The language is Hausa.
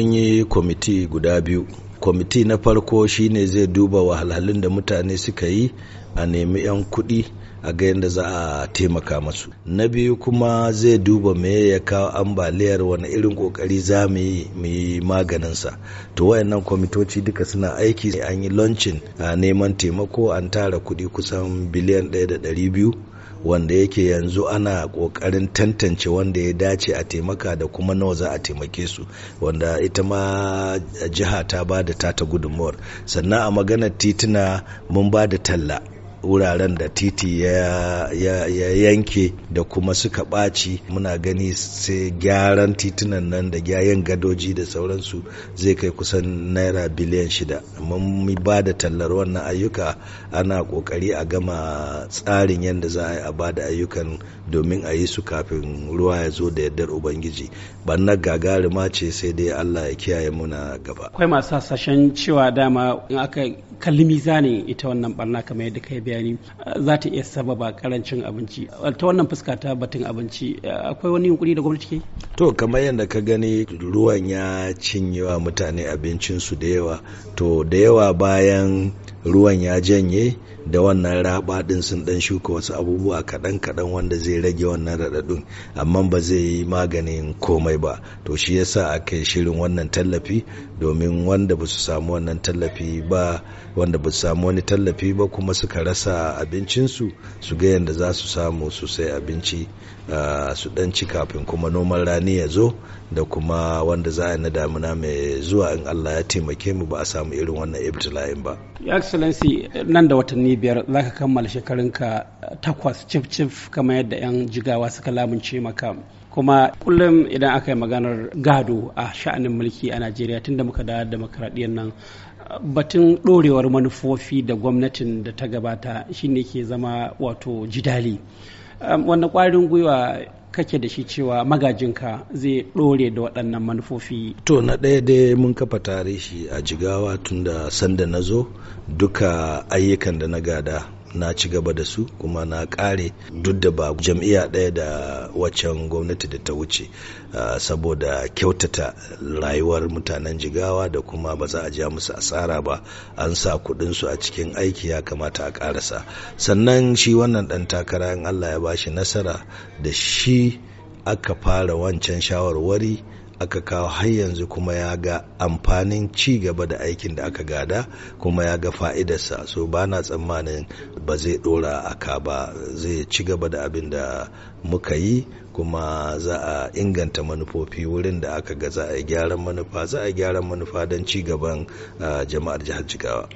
mun yi kwamiti guda biyu kwamiti na farko shine zai duba wahalhalun da mutane suka yi a nemi 'yan kuɗi a ga yadda za a taimaka masu na biyu kuma zai duba me ya kawo ambaliyar wani irin kokari za mu yi mu yi maganinsa to wayannan kwamitoci duka suna aiki an yi launching a neman taimako an tara kuɗi kusan biliyan ɗaya da ɗari biyu wanda yake yanzu ana kokarin tantance wanda ya dace a taimaka da kuma nawa za a taimake su wanda ita ma jiha ta ba da tata gudunmuwar sannan a maganar tituna mun ba da talla wuraren da titi ya, ya, ya yanke da kuma suka ɓaci muna gani sai gyaran titunan nan da gyayen gadoji da sauransu zai kai kusan naira biliyan shida mun ba da tallar wannan ayyuka ana kokari a gama tsarin yadda za a yi a ba da ayyukan domin a yi su kafin ruwa ya zo da yardar ubangiji bannar gagarima ce sai dai allah ya kiyaye muna gaba akwai masu hasashen cewa dama in aka kallimi zane ita wannan barna kamar yadda kai bayani za ta iya sababa karancin abinci ta wannan fuska ta batun abinci akwai wani yunkuri da gwamnati ke to kamar yadda ka gani ruwan ya cinye wa mutane abincinsu da yawa to da yawa bayan ruwan ya janye da wannan raba din sun dan shuka wasu abubuwa kaɗan kaɗan wanda zai rage wannan raɗaɗin amma ba zai yi maganin komai ba to shi yasa aka yi shirin wannan tallafi domin wanda ba su samu wannan tallafi ba wanda ba su samu wani tallafi ba kuma suka rasa abincinsu su ga yadda za su samu su sai abinci su dan ci kafin kuma noman rani ya zo da kuma wanda za a na damina mai zuwa in Allah ya taimake mu ba a samu irin wannan ibtila'in ba. excellency nan da watanni biyar za ka kammala shekarunka eh, takwas cif cif kamar yadda 'yan jigawa suka lamunce maka kuma kullum idan aka yi maganar gado a sha'anin mulki a najeriya tun da muka da demokradiyyar nan eh, batun ɗorewar manufofi da gwamnatin da ta gabata shine ke zama wato jidali Um, wannan kwarin gwiwa kake da shi cewa magajinka zai ɗore da waɗannan manufofi to na ɗaya dai mun kafa tare shi a jigawa tunda sanda na zo duka ayyukan da na gada na ci gaba da su kuma na kare duk da ba jam'iyya ɗaya da waccan gwamnati da ta wuce saboda kyautata rayuwar mutanen jigawa da kuma ba za a ja musu asara ba an sa kuɗinsu a cikin aiki ya kamata a ƙarasa sannan shi wannan ɗan takara in allah ya bashi nasara da shi aka fara wancan shawarwari aka kawo har yanzu kuma ya ga amfanin ci gaba da aikin da aka gada kuma ya ga fa'idarsa so ba na tsammanin ba zai dora a ba zai ci gaba da abin da muka yi kuma za a inganta manufofi wurin da aka ga za a gyaran manufa za a gyaran manufa don ci gaban ah, jama'ar jihar jigawa